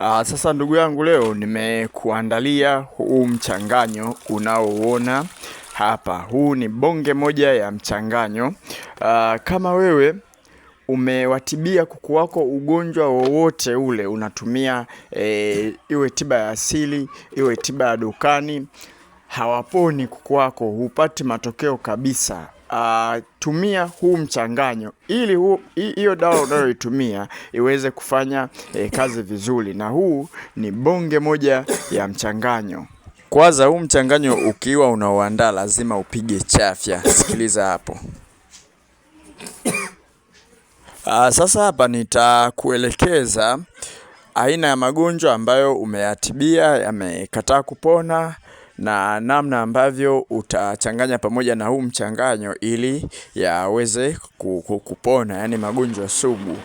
Aa, ah, sasa ndugu yangu, leo nimekuandalia huu mchanganyo unaouona hapa. Huu ni bonge moja ya mchanganyo. Aa, ah, kama wewe umewatibia kuku wako ugonjwa wowote ule, unatumia e, iwe tiba ya asili iwe tiba ya dukani, hawaponi kuku wako, hupati matokeo kabisa uh, tumia huu mchanganyo ili hiyo dawa unayoitumia iweze kufanya eh, kazi vizuri, na huu ni bonge moja ya mchanganyo. Kwanza huu mchanganyo ukiwa unaoandaa lazima upige chafya. Sikiliza hapo. Uh, sasa hapa nitakuelekeza aina ya magonjwa ambayo umeyatibia yamekataa kupona na namna ambavyo utachanganya pamoja na huu mchanganyo ili yaweze kupona, yaani magonjwa sugu.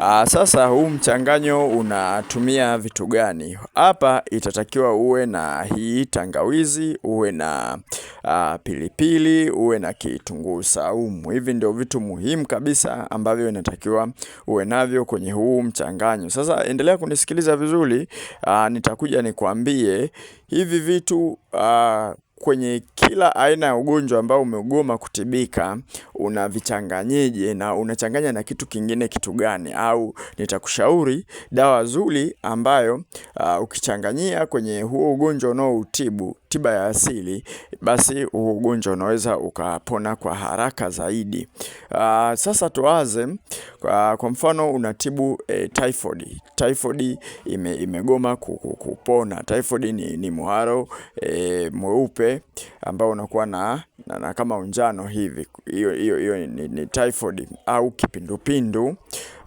Aa, ah, sasa huu mchanganyo unatumia vitu gani? Hapa itatakiwa uwe na hii tangawizi, uwe na aa, ah, pilipili, uwe na kitunguu saumu. Hivi ndio vitu muhimu kabisa ambavyo inatakiwa uwe navyo kwenye huu mchanganyo. Sasa endelea kunisikiliza vizuri, ah, nitakuja nikuambie hivi vitu aa, kwenye kila aina ya ugonjwa ambao umegoma kutibika una vichanganyije na unachanganya na kitu kingine kitu gani, au nitakushauri dawa nzuri ambayo uh, ukichanganyia kwenye huo ugonjwa unaoutibu tiba ya asili, basi ugonjwa unaweza ukapona kwa haraka zaidi. Aa, ah, sasa tuaze kwa, kwa mfano unatibu e, typhoid. Typhoid ime, imegoma kupona. Typhoid ni, ni muharo e, mweupe ambao unakuwa na, na, na kama unjano hivi, hiyo hiyo ni, ni typhoid au kipindupindu.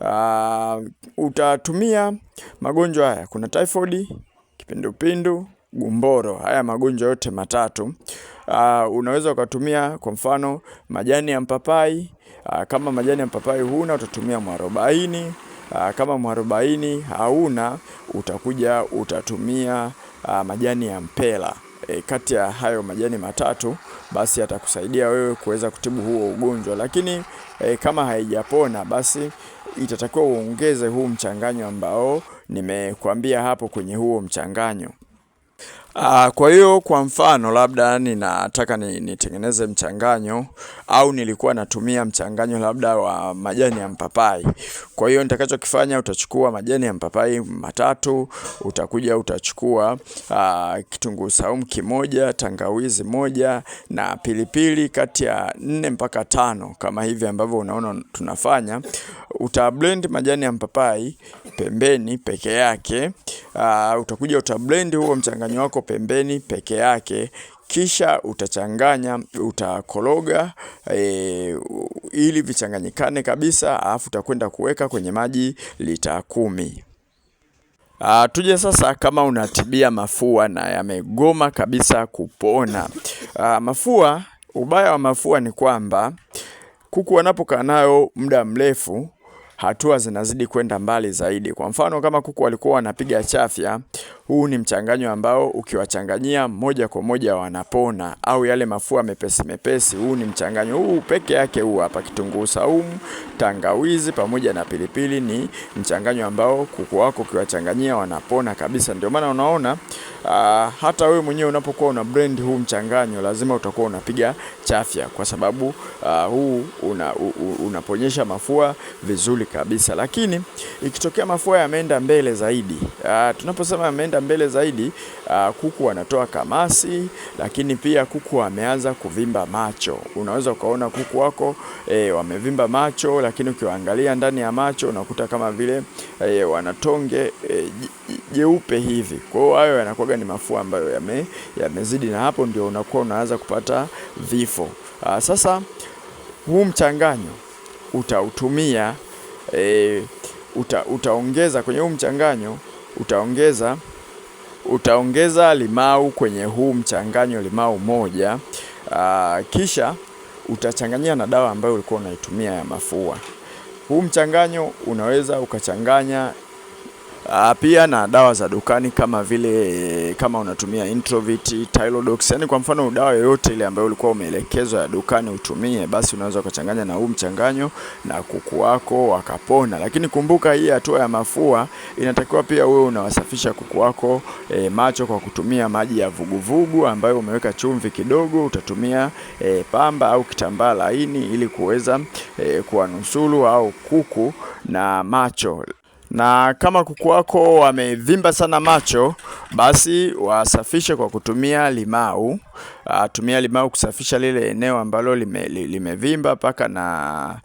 Uh, utatumia magonjwa haya, kuna typhoid, kipindupindu gumboro, haya magonjwa yote matatu. Uh, unaweza ukatumia kwa mfano majani ya mpapai. Uh, kama majani ya mpapai huna utatumia mwarobaini. Uh, kama mwarobaini hauna utakuja utatumia uh, majani ya mpela. E, kati ya hayo majani matatu basi atakusaidia wewe kuweza kutibu huo ugonjwa, lakini e, kama haijapona basi itatakiwa uongeze huu mchanganyo ambao nimekuambia hapo kwenye huo mchanganyo. Uh, kwa hiyo kwa mfano labda ninataka nitengeneze mchanganyo au nilikuwa natumia mchanganyo labda wa majani ya mpapai. Kwa hiyo nitakachokifanya utachukua majani ya mpapai matatu, utakuja utachukua uh, kitunguu saumu kimoja, tangawizi moja na pilipili kati ya nne mpaka tano kama hivi ambavyo unaona tunafanya. Uta blend majani ya mpapai pembeni peke yake. Uh, utakuja utablendi huo mchanganyo wako pembeni peke yake kisha utachanganya utakologa e, ili vichanganyikane kabisa, alafu utakwenda kuweka kwenye maji lita kumi. Uh, tuje sasa kama unatibia mafua na yamegoma kabisa kupona. Uh, mafua, ubaya wa mafua ni kwamba kuku wanapokaa nayo muda mrefu hatua zinazidi kwenda mbali zaidi. Kwa mfano kama kuku walikuwa wanapiga chafya, huu ni mchanganyo ambao ukiwachanganyia moja kwa moja wanapona, au yale mafua mepesi mepesi. Huu ni mchanganyo huu peke yake, huu hapa, kitunguu saumu, tangawizi pamoja na pilipili, ni mchanganyo ambao kuku wako ukiwachanganyia wanapona kabisa. Ndio maana unaona uh, hata wewe mwenyewe unapokuwa una brand huu mchanganyo lazima utakuwa unapiga chafya, kwa sababu uh, huu una, u, unaponyesha mafua vizuri kabisa. Lakini ikitokea mafua yameenda mbele zaidi, uh, tunaposema yameenda mbele zaidi, uh, kuku wanatoa kamasi, lakini pia kuku wameanza kuvimba macho. Unaweza ukaona kuku wako e, wamevimba macho, lakini ukiwaangalia ndani ya macho unakuta kama vile e, wanatonge e, jeupe hivi. Kwa hiyo hayo yanakuwa kuoga ni mafua ambayo yame, yamezidi, na hapo ndio unakuwa unaanza kupata vifo. Aa, ah, sasa huu mchanganyo utautumia e, uta, utaongeza kwenye huu mchanganyo utaongeza utaongeza limau kwenye huu mchanganyo, limau moja. Aa, ah, kisha utachanganyia na dawa ambayo ulikuwa unaitumia ya mafua. Huu mchanganyo unaweza ukachanganya Ah, pia na dawa za dukani kama vile kama unatumia Introvit, Tylodox, yani kwa mfano dawa yoyote ile ambayo ulikuwa umeelekezwa ya dukani utumie, basi unaweza ukachanganya na huu mchanganyo na kuku wako wakapona. Lakini kumbuka hii hatua ya mafua inatakiwa pia wewe unawasafisha kuku wako e, macho kwa kutumia maji ya vuguvugu ambayo umeweka chumvi kidogo. Utatumia e, pamba au kitambaa laini ili kuweza e, kuwanusuru au kuku na macho na kama kuku wako wamevimba sana macho, basi wasafishe kwa kutumia limau. Uh, tumia limau kusafisha lile eneo ambalo limevimba lime paka na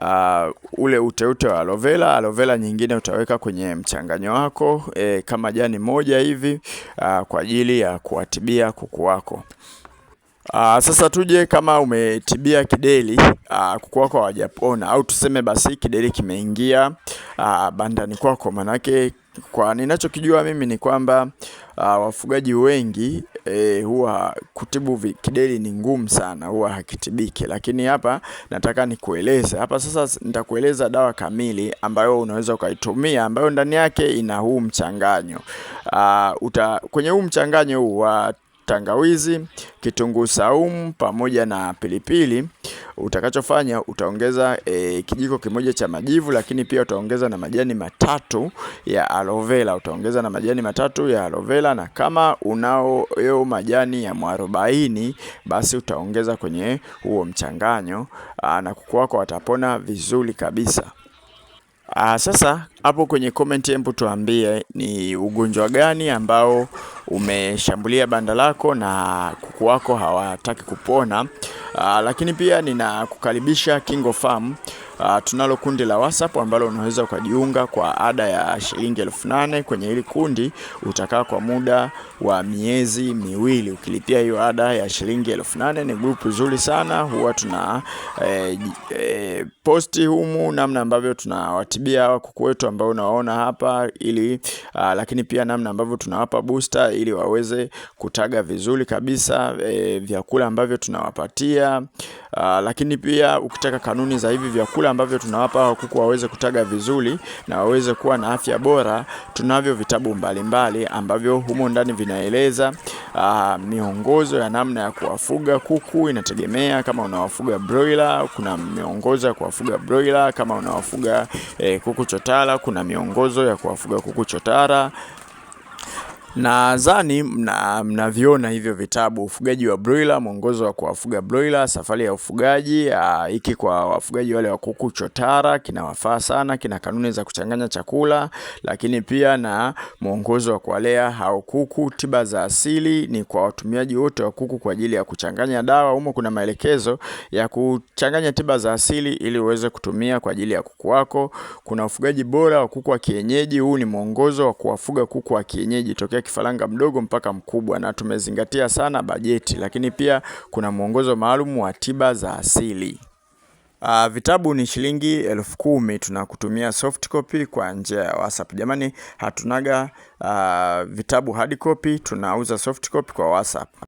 uh, ule uteute wa aloe vera. Aloe vera nyingine utaweka kwenye mchanganyo wako e, kama jani moja hivi uh, kwa ajili ya kuwatibia kuku wako. Uh, sasa tuje kama umetibia uh, kuku kwako hawajapona au tuseme basi kideli kimeingia ah, bandani kwako, manake kwa ninachokijua mimi ni kwamba uh, wafugaji wengi eh, huwa kutibu kideli ni ngumu sana, huwa hakitibiki. Lakini hapa nataka nikueleze hapa sasa, nitakueleza dawa kamili ambayo unaweza ukaitumia, ambayo ndani yake ina huu mchanganyo uh, uta, kwenye huu mchanganyo wa tangawizi, kitunguu saumu pamoja na pilipili. Utakachofanya utaongeza e, kijiko kimoja cha majivu, lakini pia utaongeza na majani matatu ya aloe vera. Utaongeza na majani matatu ya aloe vera, na kama unao yo majani ya mwarobaini basi utaongeza kwenye huo mchanganyo. na kuku wako watapona vizuri kabisa. Aa, ah, sasa hapo kwenye comment hebu tuambie ni ugonjwa gani ambao umeshambulia banda lako na kuku wako hawataki kupona. Aa, ah, lakini pia ninakukaribisha Farm. Uh, tunalo kundi la WhatsApp ambalo unaweza ukajiunga kwa ada ya shilingi elfu nane. Kwenye hili kundi utakaa kwa muda wa miezi miwili ukilipia hiyo ada ya shilingi elfu nane. Ni grupu zuri sana, huwa tuna eh, eh, posti humu namna ambavyo tunawatibia hawa kuku wetu ambao unawaona hapa ili uh, lakini pia namna ambavyo tunawapa booster ili waweze kutaga vizuri kabisa eh, vyakula ambavyo tunawapatia uh, lakini pia ukitaka kanuni za hivi vyakula ambavyo tunawapa hawa kuku waweze kutaga vizuri na waweze kuwa na afya bora, tunavyo vitabu mbalimbali mbali ambavyo humo ndani vinaeleza ah, miongozo ya namna ya kuwafuga kuku. Inategemea kama unawafuga broiler, kuna miongozo ya kuwafuga broiler. Kama unawafuga eh, kuku chotara, kuna miongozo ya kuwafuga kuku chotara. Nadhani mnaviona hivyo vitabu ufugaji wa broiler, mwongozo wa kuwafuga broiler, safari ya ufugaji hiki kwa wafugaji wale wa kuku chotara kinawafaa sana, kina kanuni za kuchanganya chakula, lakini pia na mwongozo wa kuwalea hao kuku. Tiba za asili ni kwa watumiaji wote wa kuku kwa ajili ya kuchanganya dawa. Humo kuna maelekezo ya kuchanganya tiba za asili ili uweze kutumia kwa ajili ya kuku wako. Kuna ufugaji bora wa kuku wa kienyeji, huu ni mwongozo wa kuwafuga kuku wa kienyeji tokea kifaranga mdogo mpaka mkubwa, na tumezingatia sana bajeti, lakini pia kuna mwongozo maalum wa tiba za asili. Uh, vitabu ni shilingi elfu kumi. Tunakutumia soft copy kwa njia ya WhatsApp. Jamani, hatunaga uh, vitabu hard copy, tunauza soft copy kwa WhatsApp.